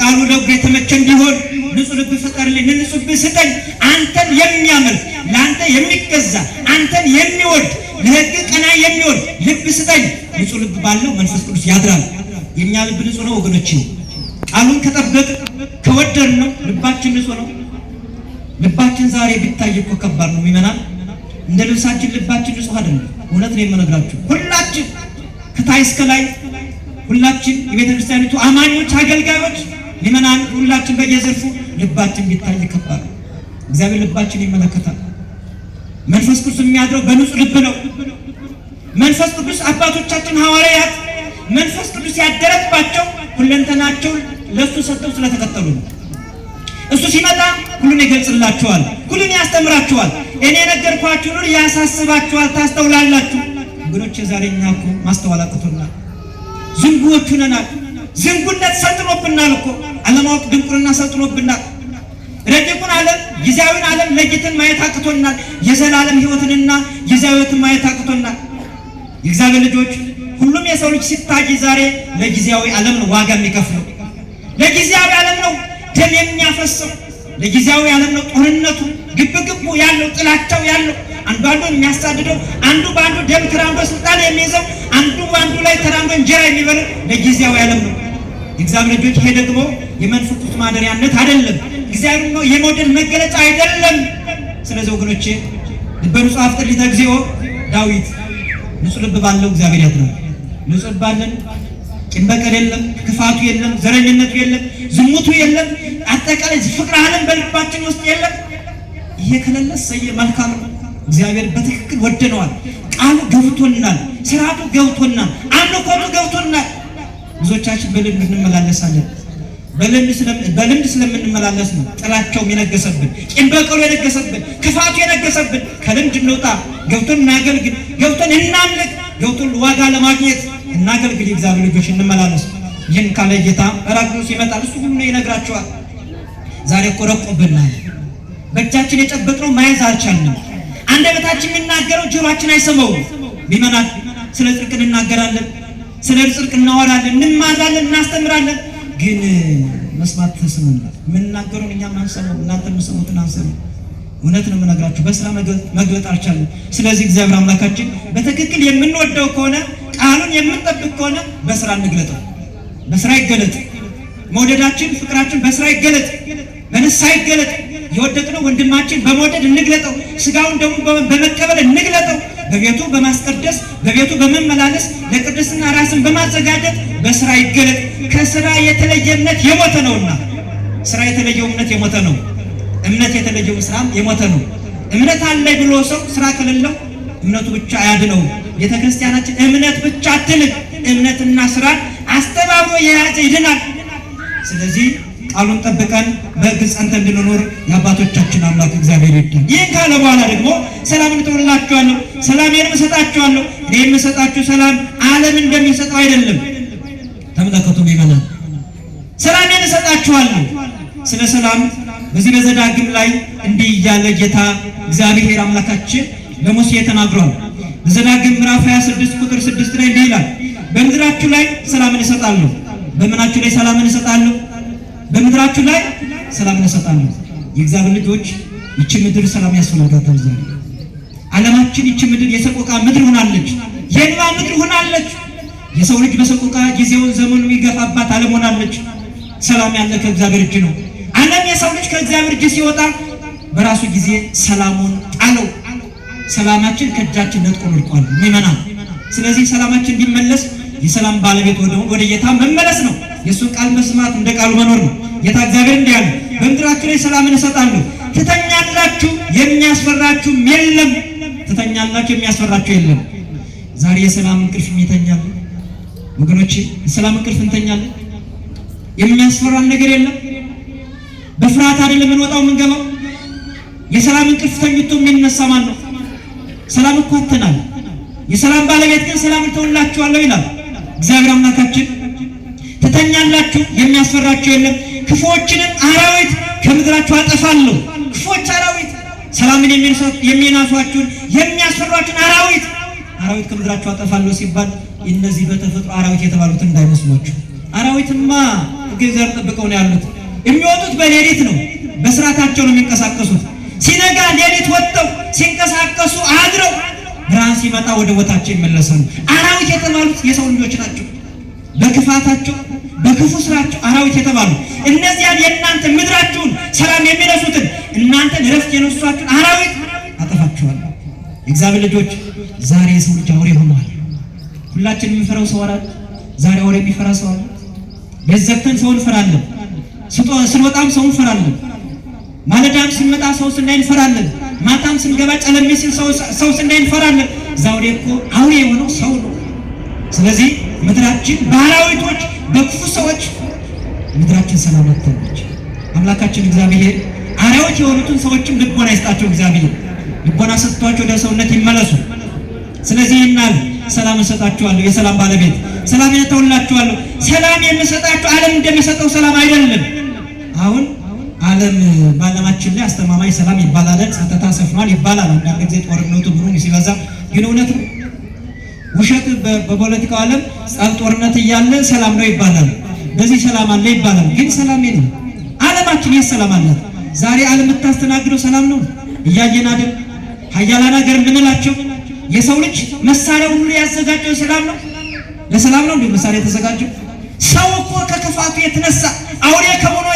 ለቃሉ ለቡ የተመቸ እንዲሆን ንጹህ ልብ ፍጠርልኝ፣ ንጹህ ልብ ስጠኝ። አንተን የሚያመልክ ለአንተ የሚገዛ አንተን የሚወድ ለህግ ቀና የሚወድ ልብ ስጠኝ። ንጹህ ልብ ባለው መንፈስ ቅዱስ ያድራል። የእኛ ልብ ንጹህ ነው ወገኖች። ቃሉን ከጠበቅ ከወደድ ነው ልባችን ንጹህ ነው። ልባችን ዛሬ ቢታይ እኮ ከባድ ነው ይመናል። እንደ ልብሳችን ልባችን ንጹህ አይደለም። እውነት ነው የምነግራችሁ ሁላችን ከታይ እስከ ላይ ሁላችን ክርስቲያኒቱ አማኞች አገልጋዮች ምእመናን ሁላችን በየዘርፉ ልባችን ቢታይ ይከባል። እግዚአብሔር ልባችን ይመለከታል። መንፈስ ቅዱስ የሚያድረው በንጹህ ልብ ነው። መንፈስ ቅዱስ አባቶቻችን ሐዋርያት መንፈስ ቅዱስ ያደረባቸው ሁለንተናቸውን ለእሱ ሰጥተው ስለተከተሉ ነው። እሱ ሲመጣ ሁሉን ይገልጽላችኋል፣ ሁሉን ያስተምራችኋል፣ እኔ የነገርኳችሁን ያሳስባችኋል፣ ታስተውላላችሁ። እንግዶች የዛሬኛ ማስተዋል አቅቶናል፣ ዝንጉዎቹ ሆነናል። ዝንጉነት ሰልጥኖብናል እኮ አለማወቅ ድንቁርና ሰልጥኖብናል። ረቂቁን ዓለም ጊዜያዊን ዓለም ለይተን ማየት አቅቶናል። የዘላለም ሕይወትንና ጊዜያዊትን ማየት አቅቶናል። የእግዚአብሔር ልጆች፣ ሁሉም የሰው ልጅ ሲታይ ዛሬ ለጊዜያዊ ዓለም ነው ዋጋ የሚከፍለው፣ ለጊዜያዊ ዓለም ነው ደም የሚያፈሰው ለጊዜያዊ ነው ጦርነቱ ግብግቡ ያለው ጥላቻው ያለው አንዱ አንዱ የሚያሳድደው አንዱ በአንዱ ደም ተራምዶ ስልጣን የሚይዘው አንዱ በአንዱ ላይ ተራምዶ እንጀራ የሚበለው ለጊዜያዊ ያለም ነው። የእግዚአብሔር ልጆች፣ ይሄ ደግሞ የመንፈስ ማደሪያነት አይደለም። እግዚአብሔር ነው የሞደል መገለጫ አይደለም። ስለዚህ ወገኖቼ በንጹሐት ቅድስተ እግዚኦ ዳዊት ንጹህ ልብ ባለው እግዚአብሔር ያድናል። ንጹህ ልብ ባለን ቂም በቀል የለም፣ ክፋቱ የለም፣ ዘረኝነቱ የለም፣ ዝሙቱ የለም፣ አጠቃላይ ፍቅረ አለም በልባችን ውስጥ የለም። ይሄ ከሌለ ሰየ መልካም ነው። እግዚአብሔር በትክክል ወደነዋል። ቃሉ ገብቶናል፣ ስርዓቱ ገብቶናል፣ አምልኮቱ ገብቶናል። ብዙዎቻችን በልምድ እንመላለሳለን። በልምድ ስለምንመላለስ ነው ጥላቸው የነገሰብን፣ ቂም በቀሉ የነገሰብን፣ ክፋቱ የነገሰብን። ከልምድ እንውጣ። ገብቶን እናገልግል፣ ገብቶን እናምልክ፣ ገብቶን ዋጋ ለማግኘት እናገልግል፣ የእግዚአብሔር ልጆች እንመላለስ። ይህን ካለ ጌታ ራክሎስ ይመጣል፣ እሱ ሁሉ ይነግራቸዋል። ዛሬ ቆረቆብናል። በእጃችን የጨበጥነው ማየት አልቻልንም። አንደበታችን የሚናገረው ጆሮአችን አይሰማውም። ቢመናል ስለ ጽድቅ እንናገራለን፣ ስለ ጽድቅ እናወራለን፣ እንማራለን፣ እናስተምራለን። ግን መስማት ተስኖናል። የምንናገረውን እኛም አንሰማው፣ እናንተ የምትሰሙትን አንሰሙ። እውነት ነው የምነግራችሁ፣ በስራ መግለጥ አልቻለም። ስለዚህ እግዚአብሔር አምላካችን በትክክል የምንወደው ከሆነ ቃሉን የምንጠብቅ ከሆነ በስራ እንግለጠው። በስራ ይገለጥ መውደዳችን፣ ፍቅራችን በስራ ይገለጥ፣ በንስሐ ይገለጥ። ነው ወንድማችን በመውደድ እንግለጠው። ስጋውን ደግሞ በመቀበል እንግለጠው። በቤቱ በማስቀደስ በቤቱ በመመላለስ ለቅድስና ራስን በማዘጋጀት በስራ ይገለጥ። ከስራ የተለየ እምነት የሞተ ነውና ስራ የተለየው እምነት የሞተ ነው። እምነት የተለየው ስራም የሞተ ነው። እምነት አለ ብሎ ሰው ስራ ከሌለው እምነቱ ብቻ አያድነውም። ቤተ ክርስቲያናችን እምነት ብቻ አትልም። እምነትና ስራን አስተባብሮ የያዘ ይድናል። ስለዚህ ቃሉን ጠብቀን በሕግ ጸንተን እንድንኖር የአባቶቻችን አምላክ እግዚአብሔር ይርዳል። ይህን ካለ በኋላ ደግሞ ሰላምን እተውላችኋለሁ፣ ሰላሜንም እሰጣችኋለሁ። እኔ የምሰጣችሁ ሰላም ዓለም እንደሚሰጠው አይደለም። ተመለከቱ ይበላል። ሰላሜን እሰጣችኋለሁ። ስለ ሰላም በዚህ በዘዳግም ላይ እንዲህ እያለ ጌታ እግዚአብሔር አምላካችን ለሙሴ ተናግሯል። ዘዳግም ምዕራፍ 26 ቁጥር 6 ላይ እንዲህ ይላል፣ በምድራችሁ ላይ ሰላምን እሰጣለሁ። በምናችሁ ላይ ሰላምን እሰጣለሁ። በምድራችሁ ላይ ሰላምን እሰጣለሁ። የእግዚአብሔር ልጆች ይቺ ምድር ሰላም ያስፈልጋታል። ዛሬ ዓለማችን ይቺ ምድር የሰቆቃ ምድር ሆናለች፣ የእንባ ምድር ሆናለች። የሰው ልጅ በሰቆቃ ጊዜውን ዘመኑ ይገፋባት ዓለም ሆናለች። ሰላም ያለ ከእግዚአብሔር እጅ ነው። ዓለም የሰው ልጅ ከእግዚአብሔር እጅ ሲወጣ በራሱ ጊዜ ሰላሙን ጣለው። ሰላማችን ከእጃችን ነጥቆ ወድቋል። ሚመና ስለዚህ ሰላማችን ቢመለስ የሰላም ባለቤት ወደ ወደ ጌታ መመለስ ነው። የእሱን ቃል መስማት እንደ ቃሉ መኖር ነው። ጌታ እግዚአብሔር እንዲህ አለ፣ በምድራችሁ ላይ ሰላምን እሰጣለሁ፣ ትተኛላችሁ፣ የሚያስፈራችሁም የለም። ትተኛላችሁ፣ የሚያስፈራችሁ የለም። ዛሬ የሰላም እንቅልፍ እንተኛለን ወገኖች፣ የሰላም እንቅልፍ እንተኛለን። የሚያስፈራን ነገር የለም። በፍርሃት አይደለም የምንወጣው የምንገባው። የሰላም እንቅልፍ ተኝቶ የሚነሳ ማን ነው? ሰላም እኮ አተናል። የሰላም ባለቤት ግን ሰላም እተውላችኋለሁ ይላል እግዚአብሔር አምላካችን። ትተኛላችሁ፣ የሚያስፈራችሁ የለም። ክፉዎችንም አራዊት ከምድራችሁ አጠፋለሁ። ክፉዎች አራዊት፣ ሰላምን የሚናሷችሁን የሚያስፈሯችሁን አራዊት አራዊት ከምድራችሁ አጠፋለሁ ሲባል እነዚህ በተፈጥሮ አራዊት የተባሉት እንዳይመስሏችሁ። አራዊትማ እግዚአብሔር ጠብቀው ነው ያሉት። የሚወጡት በሌሊት ነው። በስርዓታቸው ነው የሚንቀሳቀሱት። ሲነጋ ሌሊት ወጥተው ሲንቀሳቀሱ አድረው ብርሃን ሲመጣ ወደ ቦታቸው ይመለሳሉ። አራዊት የተባሉት የሰው ልጆች ናቸው። በክፋታቸው በክፉ ስራቸው አራዊት የተባሉ እነዚያን የእናንተ ምድራችሁን ሰላም የሚነሱትን እናንተን ረፍት የነሷችሁን አራዊት አጠፋችኋል። የእግዚአብሔር ልጆች ዛሬ የሰው ልጅ አውሬ ሆኗል። ሁላችን የምንፈራው ሰው አራት ዛሬ አውሬ የሚፈራ ሰው አለ። ቤት ዘግተን ሰውን እንፈራለን። ስንወጣም ሰውን እንፈራለን። ማለዳም ሲመጣ ሰው ስናይ እንፈራለን። ማታም ስንገባ ጨለም ሲል ሰው ስናይ እንፈራለን። ዛውሬ እኮ አውሬ የሆነው ሰው ነው። ስለዚህ ምድራችን ባህራዊቶች በክፉ ሰዎች ምድራችን ሰላም አጥታለች። አምላካችን እግዚአብሔር አሪያዎች የሆኑትን ሰዎችም ልቦና ይስጣቸው። እግዚአብሔር ልቦና ሰጥቷቸው ወደ ሰውነት ይመለሱ። ስለዚህ እናል ሰላም እሰጣችኋለሁ፣ የሰላም ባለቤት ሰላም እተውላችኋለሁ። ሰላም የምሰጣችሁ ዓለም እንደሚሰጠው ሰላም አይደለም። አሁን ዓለም በዓለማችን ላይ አስተማማኝ ሰላም ይባላል፣ ጸጥታ ሰፍኗል ይባላል። አንዳንድ ጊዜ ጦርነቱ ምኑም ሲበዛ ግን እውነት ነው ውሸት። በፖለቲካው ዓለም ጸብ ጦርነት እያለ ሰላም ነው ይባላል፣ በዚህ ሰላም አለ ይባላል። ግን ሰላም የለም። ዓለማችን የት ሰላም አላት? ዛሬ ዓለም የምታስተናግደው ሰላም ነው እያየን አይደል? ሀያላን ሀገር የምንላቸው የሰው ልጅ መሳሪያ ሁሉ ያዘጋጀው ሰላም ነው። ለሰላም ነው እንዴ መሳሪያ የተዘጋጀው? ሰው እኮ ከክፋቱ የተነሳ አውሬ ከመሆኑ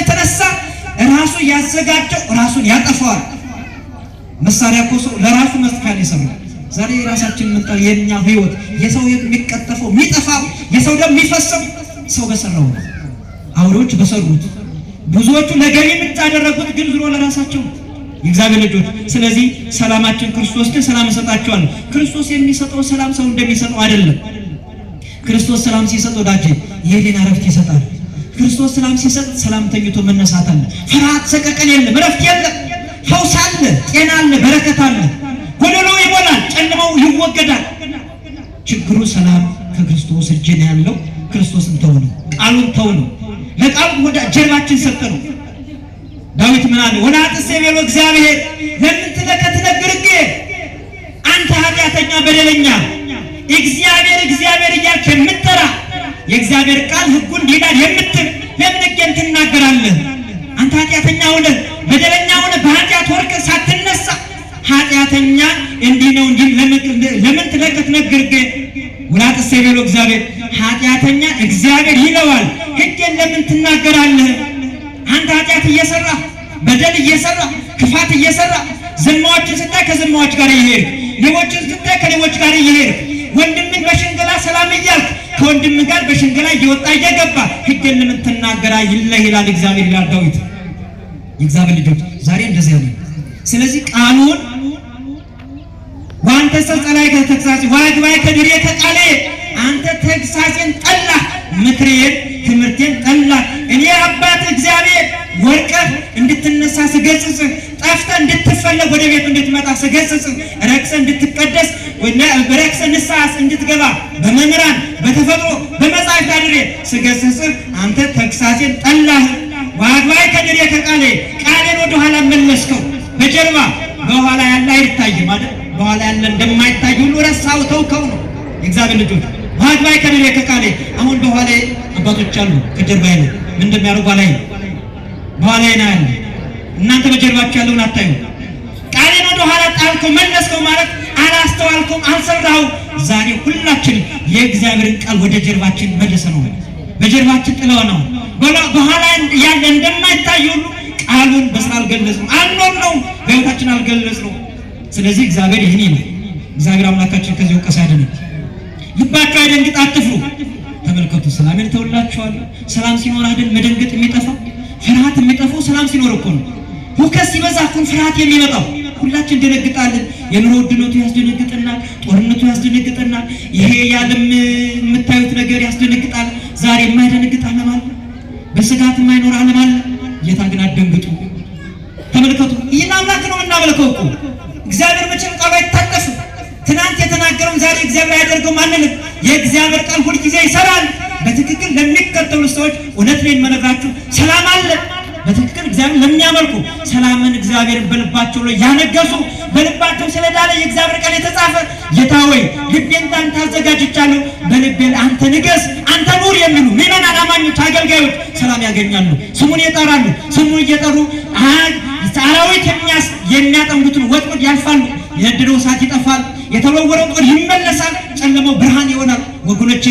ራሱ ያዘጋጀው ራሱን ያጠፋዋል። መሳሪያ እኮ ሰው ለራሱ መስጠፊያን ይሰራል። ዛሬ የራሳችን ምንጣው የኛ ህይወት የሰው የሚቀጠፈው የሚጠፋው የሰው ደም የሚፈሰው ሰው በሰራው ነው። አውሬዎች በሰሩት ብዙዎቹ ለገቢ ምንጭ ያደረጉት ግን ዝሮ ለራሳቸው የእግዚአብሔር ልጆች። ስለዚህ ሰላማችን ክርስቶስ ግን ሰላም እሰጣቸዋለሁ። ክርስቶስ የሚሰጠው ሰላም ሰው እንደሚሰጠው አይደለም። ክርስቶስ ሰላም ሲሰጥ ወዳጅ የህሊና አረፍት ይሰጣል። ክርስቶስ ሰላም ሲሰጥ ሰላም ተኝቶ መነሳት አለ። ፍርሃት፣ ሰቀቀን የለም፣ ረፍት የለም፣ ፈውስ አለ፣ ጤና አለ፣ በረከት አለ። ጎደሎ ይሞላል፣ ጨለማው ይወገዳል። ችግሩ ሰላም ከክርስቶስ እጅ ነው ያለው። ክርስቶስን ተው ነው፣ ቃሉን ተው ለቃሉ ወደ ጀርባችን ሰጠ ዳዊት ምን አለ? ወለአጥሴ ቤሎ እግዚአብሔር ለምን ትነግርጌ አንተ ኃጢአተኛ በደለኛ እግዚአብሔር እግዚአብሔር እያልክ የምትጠራ የእግዚአብሔር ቃል ህጉ እንዲህ ይላል የምትል ለምንቄን ትናገራለህ? አንተ ኃጢአተኛ ሆነ በደለኛ ሆነ በኃጢአት ወርቅ ሳትነሳ ኃጢአተኛ እንዲህ ነው እንጂ ለምን ትለቅት ነግር ግን ውላጥ ሰቤሎ እግዚአብሔር ኃጢአተኛ እግዚአብሔር ይለዋል ህጌን ለምን ትናገራለህ? አንተ ኃጢአት እየሰራ በደል እየሰራ ክፋት እየሰራ ዝማዎችን ስታይ ከዝማዎች ጋር እየሄድክ ሌቦችን ስታይ ከሌቦች ጋር እየሄድክ ወንድምህ በሽንገላ ሰላም እያልክ ከወንድም ጋር በሽንገላ እየወጣ እየገባ ህግን ለምን ትናገራ ይለህ ይላል እግዚአብሔር ይላል ዳዊት። የእግዚአብሔር ልጆች ዛሬ እንደዚያ ነው። ስለዚህ ቃሉን ዋንተ ሰው ጸላይ ከተግሳጽ ዋግባይ ከድሬ ተቃለ አንተ ተግሳጼን ጠላህ ምክሬን ትምህርቴን ጠላት እኔ አባት እግዚአብሔር ወርቀህ እንድትነሳ ስገጽጽ፣ ጠፍተህ እንድትፈለግ ወደ ቤቱ እንድትመጣ ስገጽጽ፣ ረክሰህ እንድትቀደስ ረክሰህ ንስሐ እንድትገባ በመምህራን በተፈጥሮ በመጽሐፍ አድሬ ስገጽጽ፣ አንተ ተግሳጼን ጠላህ። ዋግባይ ከድሬ ከቃሌ ቃሌን ወደኋላ መለስከው በጀርባ በኋላ ያለ አይታይም አይደል? በኋላ ያለ እንደማይታይ ሁሉ ረሳው ተውከው ነው የእግዚአብሔር ልጆች ዋግባይ ከሚል ከቃሌ አሁን በኋላ አባቶች አሉ ከጀርባዬ ነው። ምን እንደሚያደርጉ ላይ በኋላ ና ያለ እናንተ በጀርባችሁ ያለውን አታዩ። ቃሌን ወደ ኋላ ጣልከው መለስከው ማለት አላስተዋልከው፣ አልሰራኸው። ዛሬ ሁላችን የእግዚአብሔርን ቃል ወደ ጀርባችን መለሰ ነው፣ በጀርባችን ጥለው ነው። በኋላ ያለ እንደማይታይ ሁሉ ቃሉን በስራ አልገለጽ ነው፣ አልኖር ነው፣ በህይወታችን አልገለጽ ነው። ስለዚህ እግዚአብሔር ይህን ነው። እግዚአብሔር አምላካችን ከዚህ ወቀሳ አይደለም። ልባችሁ አይደንግጥ፣ አትፍሩ። ተመልከቱ፣ ሰላምን ተውላችኋል። ሰላም ሲኖር አይደል መደንገጥ የሚጠፋው ፍርሃት የሚጠፋው ሰላም ሲኖር እኮ ነው። ሁከት ሲበዛ እኮ ፍርሃት የሚመጣው ሁላችን እንደነግጣለን። የኑሮ ውድነቱ ያስደነግጠናል። ጦርነቱ ያስደነግጠናል። ይሄ ያለም የምታዩት ነገር ያስደነግጣል። ዛሬ የማይደነግጥ ዓለም አለ። በስጋት የማይኖር ዓለም አለ። ጌታ ግን አደንግጡ። ተመልከቱ፣ ይህን አምላክ ነው የምናመልከው እኮ እግዚአብሔር መቼም ቃሉ አይታጠፍም። ትናንት የተናገረውን ዛሬ እግዚአብሔር ያደርገው ማንንም የእግዚአብሔር ቃል ሁል ጊዜ ይሰራል። በትክክል ለሚከተሉ ሰዎች እውነት ነው የምነግራችሁ፣ ሰላም አለ። በትክክል እግዚአብሔር ለሚያመልኩ ሰላምን እግዚአብሔርን በልባቸው ላይ ያነገሱ በልባቸው ስለዳለ የእግዚአብሔር ቃል የተጻፈ ጌታ ሆይ ልቤን ለአንተ አዘጋጅቻለሁ፣ በልቤ አንተ ንገስ፣ አንተ ኑር የሚሉ ምዕመናን፣ አማኞች፣ አገልጋዮች ሰላም ያገኛሉ። ስሙን ይጠራሉ። ስሙን እየጠሩ አራዊት የሚያጠምዱትን ወጥመድ ያልፋሉ። የድሮ እሳት ይጠፋል። የተወረወረው ጦር ይመለሳል፣ ጨለማው ብርሃን ይሆናል። ወገኖቼ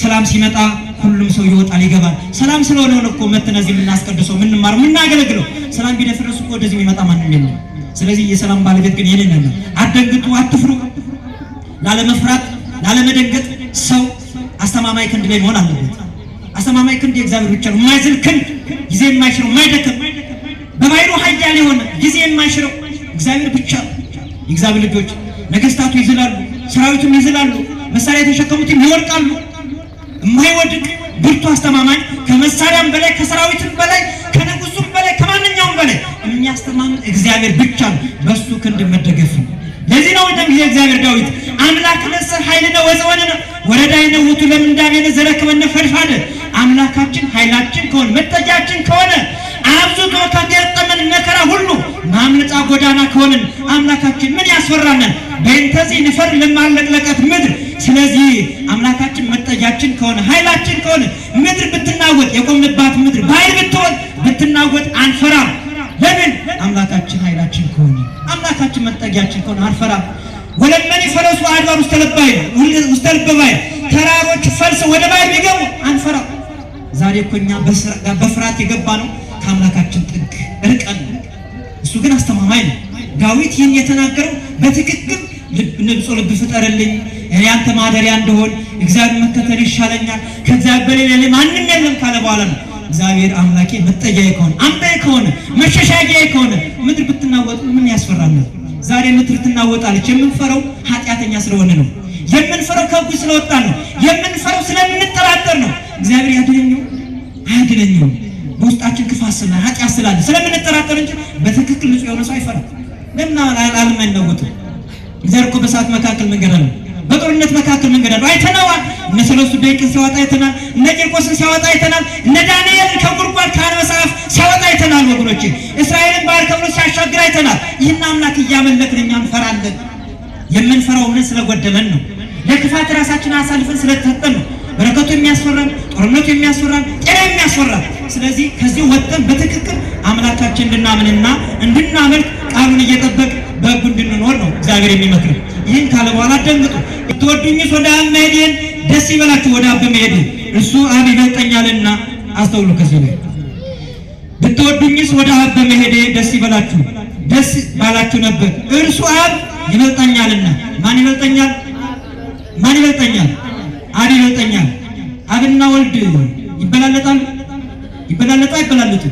ሰላም ሲመጣ ሁሉም ሰው ይወጣል ይገባል። ሰላም ስለሆነ ነው እኮ መተን እዚህ የምናስቀድሰው የምንማረው የምናገለግለው። ሰላም ቢደፍረስ እኮ ወደዚህ የሚመጣ ማንም የለም። ስለዚህ የሰላም ባለቤት ግን የኔ ነው። አትደንግጡ፣ አትፍሩ። ላለመፍራት ላለመደንገጥ ሰው አስተማማኝ ክንድ ላይ መሆን አለበት። አስተማማኝ ክንድ የእግዚአብሔር ብቻ ነው። የማይዝል ክንድ ጊዜ የማይሽረው የማይደክም በባይሩ ኃያል የሆነ ጊዜ የማይሽረው እግዚአብሔር ብቻ ነው። የእግዚአብሔር ልጆች ነገስታቱ ይዝላሉ፣ ሰራዊቱም ይዝላሉ፣ መሳሪያ የተሸከሙትም ይወድቃሉ። የማይወድቅ ብርቱ አስተማማኝ ከመሳሪያም በላይ ከሰራዊትም በላይ ከንጉሱም በላይ ከማንኛውም በላይ የሚያስተማምን እግዚአብሔር ብቻ ነው። በሱ ክንድ መደገፍ ነው። ለዚህ ነው ወደም ይሄ እግዚአብሔር ዳዊት አምላክ ኃይል ነስ ኃይልነ ወዘወንነ ወረዳይነ ውእቱ ለምንዳቤነ ዘረክበነ ፈድፋደ አምላካችን ኃይላችን ከሆነ መጠጃችን ከሆነ አብዝቶ ከገጠመን መከራ ሁሉ ማምለጫ ጎዳና ከሆንን አምላካችን ምን ያስፈራናል? በእንተዚህ ንፈር ለማለቅለቀት ምድር። ስለዚህ አምላካችን መጠጃችን ከሆነ ኃይላችን ከሆነ ምድር ብትናወጥ የቆምንባት ምድር ባይ ብትሆን ብትናወጥ አንፈራ። ለምን አምላካችን ኃይላችን ከሆነ አምላካችን መጠጊያችን ከሆነ አንፈራ። ወለመኔ ፈረሱ አድባር ውስተ ልባይ ውስተ ልበ ተራሮች ፈልሰው ወደ ባሕር ቢገቡ አንፈራ። ዛሬ እኮ እኛ በፍርሃት የገባ ነው ከአምላካችን ጥግ ርቀን፣ እሱ ግን አስተማማኝ ነው። ዳዊት ይህን የተናገረው በትክክል ንጹሕ ልብ ፍጠርልኝ፣ እኔ አንተ ማደሪያ እንደሆን እግዚአብሔር መከተል ይሻለኛል፣ ከእግዚአብሔር በሌላ ማንም የለም ካለ በኋላ ነው እግዚአብሔር አምላኬ መጠጊያዬ ከሆነ አምባዬ ከሆነ መሸሻጊያዬ ከሆነ ምድር ብትናወጥ ምን ያስፈራል? ዛሬ ምድር ትናወጣለች። የምንፈረው ኃጢአተኛ ስለሆነ ነው። የምንፈረው ከጉ ስለወጣ ነው። የምንፈረው ስለምንጠራጠር ነው። እግዚአብሔር ያድነኝ አያድነኝም በውስጣችን ክፋት ስለ ኃጢአት ስላለ ስለምንጠራጠር እንጂ በትክክል ንጹህ የሆነ ሰው አይፈራም። ለምን አልመነውትም? እግዚአብሔር እኮ በእሳት መካከል መንገድ ነው። በጦርነት መካከል መንገድ አለው። አይተነዋል። እነ ሰለስቱ ደቂቅን ሲያወጣ አይተናል። እነ ቂርቆስን ሲያወጣ አይተናል። እነ ዳንኤልን ከጉድጓድ ከአንበሳ አፍ ሲያወጣ አይተናል። ወገኖቼ እስራኤልን ባህር ከብሎ ሲያሻግር አይተናል። ይህን አምላክ እያመለክን እኛ እንፈራለን። የምንፈራው እምነት ስለጎደለን ነው። ለክፋት ራሳችን አሳልፈን ስለተሰጠን ነው። በረከቱ የሚያስፈራን፣ ጦርነቱ የሚያስፈራን፣ ጤና የሚያስፈራን። ስለዚህ ከዚህ ወጥተን በትክክል አምላካችን እንድናምንና እንድናመልክ ቃሉን እየጠበቅ በህጉ እንድንኖር ነው እግዚአብሔር የሚመክረው። ይህን ካለ በኋላ አደንግጡ ብትወዱኝስ ወደ አብ መሄዴን ደስ ይበላችሁ፣ ወደ አብ መሄድ እሱ አብ ይበልጠኛልና። አስተውሉ። ከዚህ ላይ ብትወዱኝስ ወደ አብ በመሄዴ ደስ ይበላችሁ፣ ደስ ባላችሁ ነበር፣ እርሱ አብ ይበልጠኛልና። ማን ይበልጠኛል? ማን ይበልጠኛል? አብ ይበልጠኛል። አብና ወልድ ይበላለጣል ይበላለጣ አይበላለጡ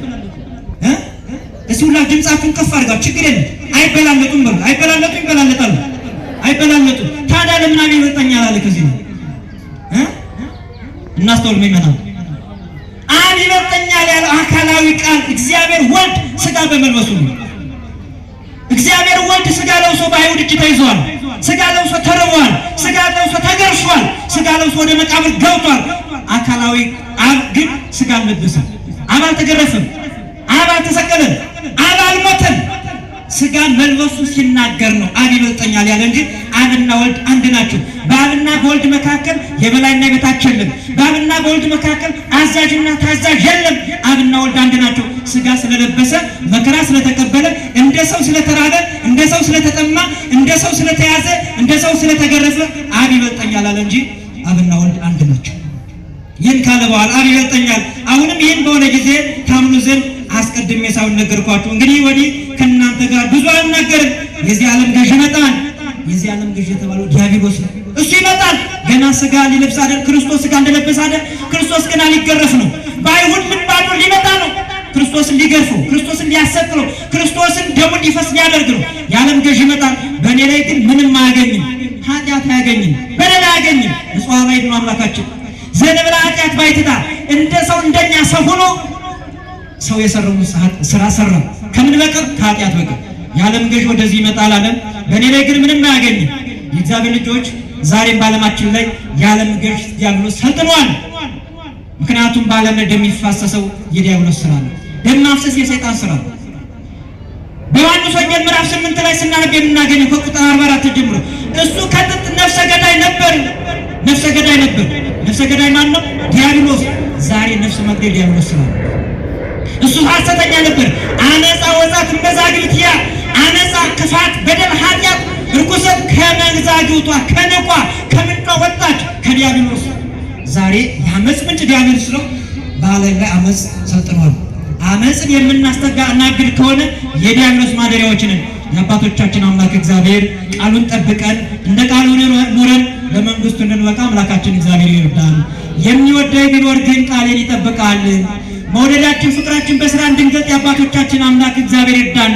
እ እስኪ ሁላችሁ ከፍ አድርጋችሁ ችግር የለም። አይበላለጡም በሉ። አይበላለጡ ይበላለጣሉ። አይበላለጡ ታዲያ ለምን አብ ይበልጠኛል አለ? ከዚህ ነው እናስተውል ይመጣል። አብ ይበልጠኛል ያለው አካላዊ ቃል እግዚአብሔር ወልድ ስጋ በመልበሱ ነው። እግዚአብሔር ወልድ ስጋ ለብሶ በአይሁድ እጅ ተይዟል። ስጋ ለብሶ ተርቧል። ስጋ ለብሶ ተገርሷል። ስጋ ለብሶ ወደ መቃብር ገብቷል። አካላዊ አብ ግን ስጋ አልለበሰም። አብ አልተገረፈም። አብ አልተሰቀለም። አብ አልሞተም። ስጋ መልበሱ ሲናገር ነው አብ ይበልጠኛል ያለ እንጂ አብና ወልድ አንድ ናቸው። በአብና በወልድ መካከል የበላይና የበታች የለም። በአብና በወልድ መካከል አዛዥና ታዛዥ የለም። አብና ወልድ አንድ ናቸው። ስጋ ስለለበሰ መከራ ስለተቀበለ እንደ ሰው ስለተራበ፣ እንደ ሰው ስለተጠማ፣ እንደ ሰው ስለተያዘ፣ እንደ ሰው ስለተገረዘ አብ ይበልጠኛል አለ እንጂ አብና ወልድ አንድ ናቸው። ይህን ካለ በኋላ አብ ይበልጠኛል አሁንም ይህን በሆነ ጊዜ ታምኑ ዘንድ አስቀድሜ ሳይሆን ነገርኳችሁ። እንግዲህ ወዲህ ከእናንተ ጋር ብዙ አልናገርም። የዚህ ዓለም ገዥ ይመጣል። የዚህ ዓለም ገዥ የተባለው ዲያብሎስ ነው። እሱ ይመጣል። ገና ስጋ ሊለብስ አይደል? ክርስቶስ ስጋ እንደለበሰ አይደል? ክርስቶስ ገና ሊገረፍ ነው። በአይሁድ ልባሉ ሊመጣ ነው። ክርስቶስን ሊገርፉ፣ ክርስቶስን ሊያሰቅሉ፣ ክርስቶስን ደሙን ሊፈስ ሊያደርግ ነው። የዓለም ገዥ ይመጣል። በእኔ ላይ ግን ምንም አያገኝም። ኃጢአት አያገኝም። በደል አያገኝም። ንጹሕ ባይድ ነው አምላካችን ዘንብላ ኃጢአት ባይትታ እንደ ሰው እንደኛ ሰው ሆኖ ሰው የሰራውን ስራ ሰራ። ከምን በቀር ከኃጢአት በቀር የዓለም ገዥ ወደዚህ ይመጣል አለን። በእኔ ላይ ግን ምንም አያገኝም። የእግዚአብሔር ልጆች ዛሬም በዓለማችን ላይ የዓለም ገዥ ዲያብሎስ ሰልጥኗል። ምክንያቱም በዓለም ላይ ደም የሚፋሰሰው የዲያብሎስ ስራ ነው። ደም ማፍሰስ የሰይጣን ስራ ነው። በዮሐንስ ወንጌል ምዕራፍ ስምንት ላይ ስናነብ የምናገኘው ከቁጥር አርባ አራት ጀምሮ እሱ ከጥጥ ነፍሰ ገዳይ ነበር፣ ነፍሰ ገዳይ ነበር። ነፍሰ ገዳይ ማን ነው? ዲያብሎስ። ዛሬ ነፍስ መግደል ዲያብሎስ ስራ ነው። እሱ ሐሰተኛ ነበር። አነፃ ወዛት መዛግብትያ አነፃ ክፋት፣ በደል፣ ኃጢአት፣ እርኩሰት ከመዛግብቷ ከነቋ ከምንጫ ወጣች ከዲያብሎስ። ዛሬ የአመፅ ምንጭ ዲያብሎስ ነው። በዓለም ላይ አመፅ ሰልጥኗል። አመፅን የምናስተጋ እናግድ ከሆነ የዲያብሎስ ማደሪያዎችንን የአባቶቻችን አምላክ እግዚአብሔር ቃሉን ጠብቀን እንደ ቃሉ ኑረን ለመንግስቱ እንድንበቃ አምላካችን እግዚአብሔር ይርዳል። የሚወደኝ ቢኖር ግን ቃሌን ይጠብቃል። መውደዳችን ፍቅራችን በስራ እንድንገልጥ የአባቶቻችን አምላክ እግዚአብሔር ይርዳን።